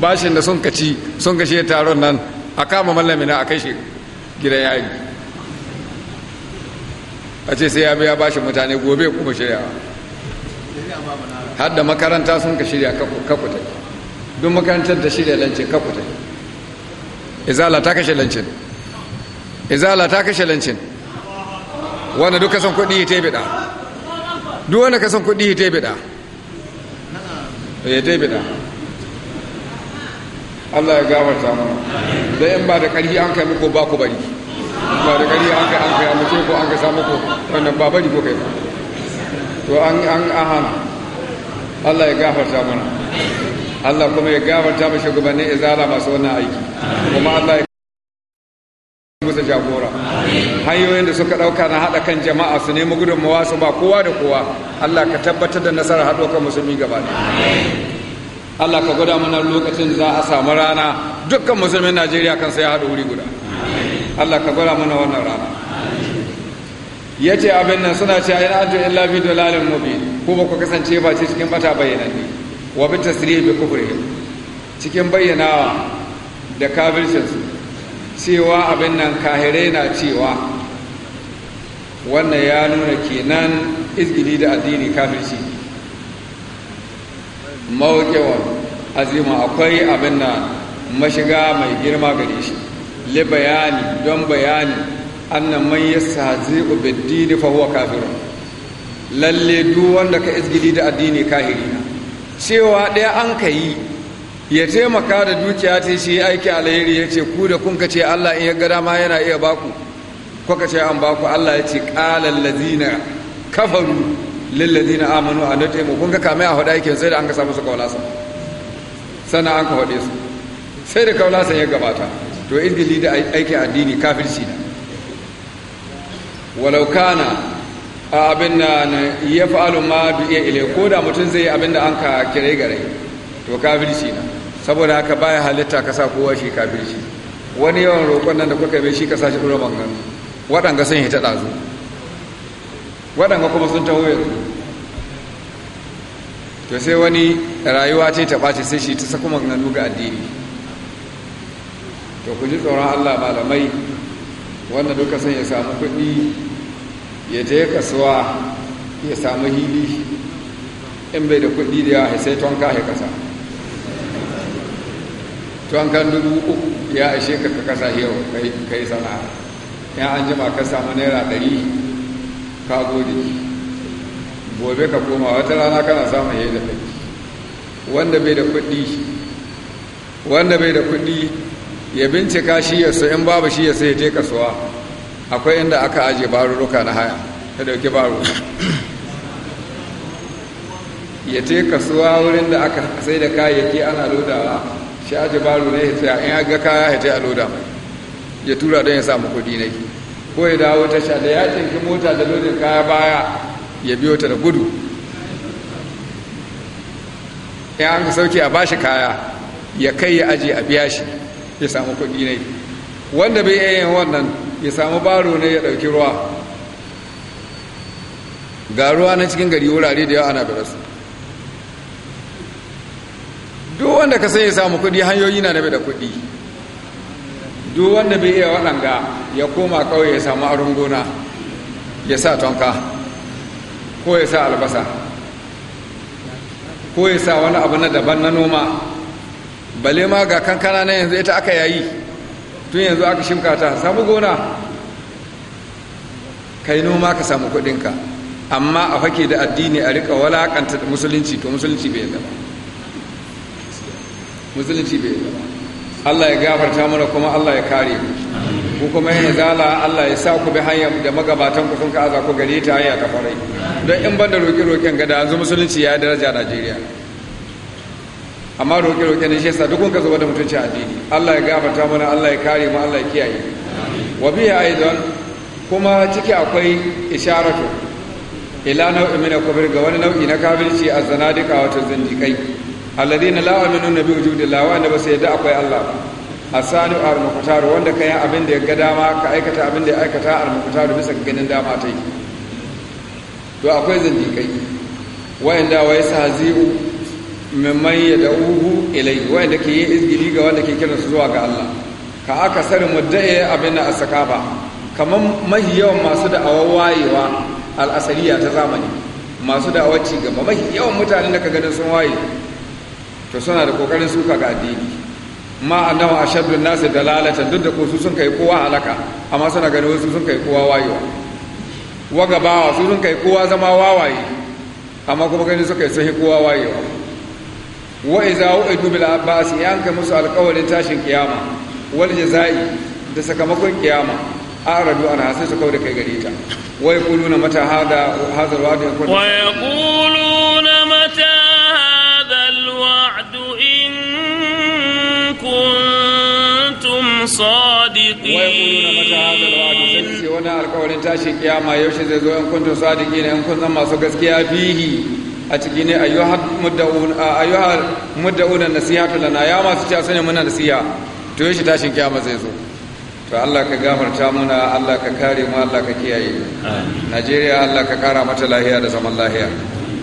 bashin da sun kaci sun kashe taron nan a kama mallami na a kai shi gidan yayi a ce sai ya biya bashin mutane gobe kuma shiryawa hadda makaranta sun ka shirya kakuta duk makarantar da shirya lancin kakuta izala ta kashe lancin izala ta kashe lancin wanda duka san kudi ta biɗa duk wanda ka san ya ta eh, ya ta biɗa Allah ya gafarta mana da yan ba da ƙarfi an kai muku ba ku bari ba da ƙarfi an kai an kai an ko an kai samu ko wannan ba bari ko kai to an an ahana Allah ya ta mana Allah kuma ya ta mashi gubanin izala masu wannan aiki kuma Allah ya musu aiki hanyoyin da suka ɗauka na haɗa kan jama'a su nemi gudunmawa su ba kowa da kowa Allah ka tabbatar da nasarar haɗo kan musulmi gaba Allah ka gwada mana lokacin za a samu rana dukkan musulmin Najeriya kan sai haɗa wuri guda Allah ka gwada mana wannan rana ya ce abin nan suna ce ayin antu illa da dalalin mubi ko ba ku kasance ba ce cikin bata ne wa bi tasrih bi kufri cikin bayyana da kafircin su cewa abin nan kahire na cewa wannan ya nuna kenan izgili da addini kafirci mawukewa azima akwai abin nan mashiga mai girma gare shi li bayani don bayani annan man yasa zai ubiddini fa huwa kafirun lalle duk wanda ka izgili da addini kahire na cewa ɗaya an ka yi ya taimaka da dukiya ta shi aiki alheri ya ce ku da kun ce Allah in ya ga dama yana iya baku ka ce an baku Allah ya ce qalal ladina kafaru lil ladina amanu an taimako kun ga kamai a hada yake sai da an ka samu su kaulasa sana an ka hade su sai da kaulasa ya gabata to izgili da aiki addini kafirci ne walau kana abin da ya fa'alu ma du'iya ilai ko da mutum zai abin da an ka kire gare to kafirci na saboda haka baya halitta ka sa kowa shi kafirci wani yawan roƙon nan da kuka bai shi ka sa shi ɗora bangan waɗanga sun hita ɗazu waɗanga kuma sun taho yanzu to sai wani rayuwa ce ta ɓace sai shi ta sa kuma ganu ga addini to ku ji tsoron allah malamai wanda duka sun ya samu kuɗi ya je kasuwa ya samu hili in bai da kuɗi da ya haisai tonka ya kasa kan dubu uku ya ashe ka ka kasa yau ka yi sana'a yan an jima ka samu naira ɗari ka gode gobe ka koma wata rana kana samun da kai wanda bai da kuɗi wanda bai da kuɗi ya bincika shi ya so in babu shi ya sai ya je kasuwa akwai inda aka aje baruruka na haya ta dauki baro ya je kasuwa wurin da aka sai da kayayyaki ana lodawa shi baro ne ya tsaya in ya ga kaya ya a loda mai ya tura don ya samu na ne ko ya dawo sha da ya tinki mota da lodin kaya baya ya biyo ta da gudu ya an ka sauke a bashi kaya ya kai ya aji a biya shi ya samu kuɗi ne wanda bai yi yin wannan ya samu baro ne ya dauki ruwa ga ruwa na cikin gari wurare da yawa ana birasu duk wanda ka sai ya samu kudi hanyoyi na da da kudi duk wanda bai iya waɗanga ya koma kawai ya samu aron gona ya sa tonka ko ya sa albasa ko ya sa wani abu na daban na noma bale ma ga kankana na yanzu ita aka yayi tun yanzu aka shimka ta samu gona kai noma ka samu kuɗinka amma a fake da addini a rika walakanta musulunci to musulunci bai zama. musulunci bai yi Allah ya gafarta mana kuma Allah ya kare ku kuma yin zala Allah ya sa ku bi hanya da magabatan ku sun ka aza ku gare ta hanya ta farai don in banda roƙe-roƙen gada yanzu musulunci ya daraja Najeriya amma roƙe-roƙe ne shi yasa duk ka zuba da mutunci addini Allah ya gafarta mana Allah ya kare mu Allah ya kiyaye wa biya aidan kuma ciki akwai isharatu ila nau'i min kufr ga wani nau'i na kafirci azzanadika wato zindikai alladina la aminu nabi wujudillah na ba sai yadda akwai Allah ba sani a muqtaru wanda ka yi abin da ya ga dama ka aikata abin da ya aikata a muqtaru bisa ganin dama ta yi to akwai zindikai wayanda sa zi'u mimman uhu ilai wayanda ke yi izgili ga wanda ke kiran su zuwa ga Allah ka aka sari mudda'i abin da ba kamar mahi yawan masu da awawayewa al'asariya ta zamani masu da awaci gaba mahi yawan mutanen da ka ganin sun waye to suna da kokarin suka ga addini ma annahu ashaddu an-nas dalalatan duk da ko su sun kai kowa halaka amma suna ganin wasu sun kai kowa wayewa waga bawa su sun kai kowa zama wawaye amma kuma ganin suka yi sai kowa wayewa wa iza u'idu bil abbas kai musu alƙawarin tashin kiyama wal jazai da sakamakon kiyama aradu ana sai su kauda kai gareta, ta wa yaquluna mata hada hadha al-wa'd wa yaquluna mata kuntum sadiqin wai kuluna mata hada alwa'd sai ce alƙawarin tashi kiyama yaushe zai zo in kuntum sadiqin in kun zama masu gaskiya fihi a ciki ne ayyuhar mudda'unan nasiha ta lana ya masu cewa sanya muna nasiha to yaushe tashin kiyama zai zo to Allah ka gafarta muna Allah ka kare mu Allah ka kiyaye Amin. Najeriya Allah ka kara mata lahiya da zaman lahiya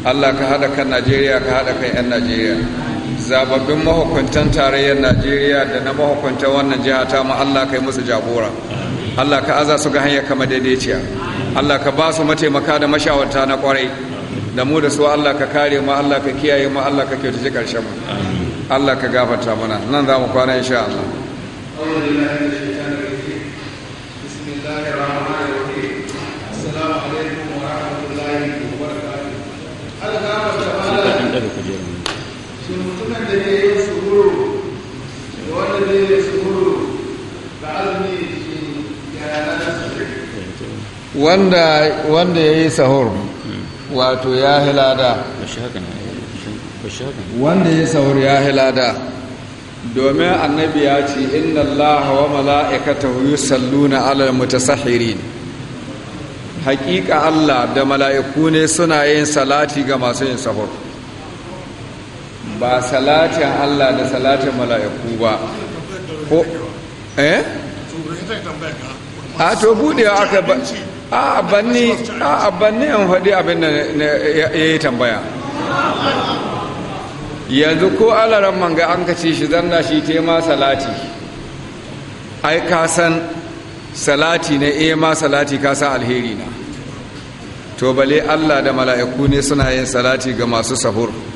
Allah ka hada kan Najeriya ka hada kan 'yan Najeriya zababbin mahukuntan tarayyar najeriya da na mahukuntan wannan jiha ta mu allah kai musu jagora allah ka aza su ga hanyar kama daidaiciya allah ka ba su mataimaka da mashawarta na kwarai da mu da su allah ka kare mu allah ka kiyaye mu allah ka kyautace karshen mu allah ka gafarta mana nan za mu kwana insha allah wanda wanda yayi sahur wato ya hilada wanda ya sahur ya hilada domin annabi ya ce inna Allah wa mala'ikatahu yusalluna 'alal mutasahhirin haƙiƙa Allah da mala'iku ne suna yin salati ga masu yin sahur ba salatin Allah da salatin mala'iku ba ko eh a to budewa aka ba a banni a in faɗi abin da ya yi tambaya yanzu ko alaran manga an kace shi zanna shi yi ma salati ai ka san salati na iya eh, ma salati ka san alheri na to bale allah da mala'iku ne suna yin salati ga masu sahur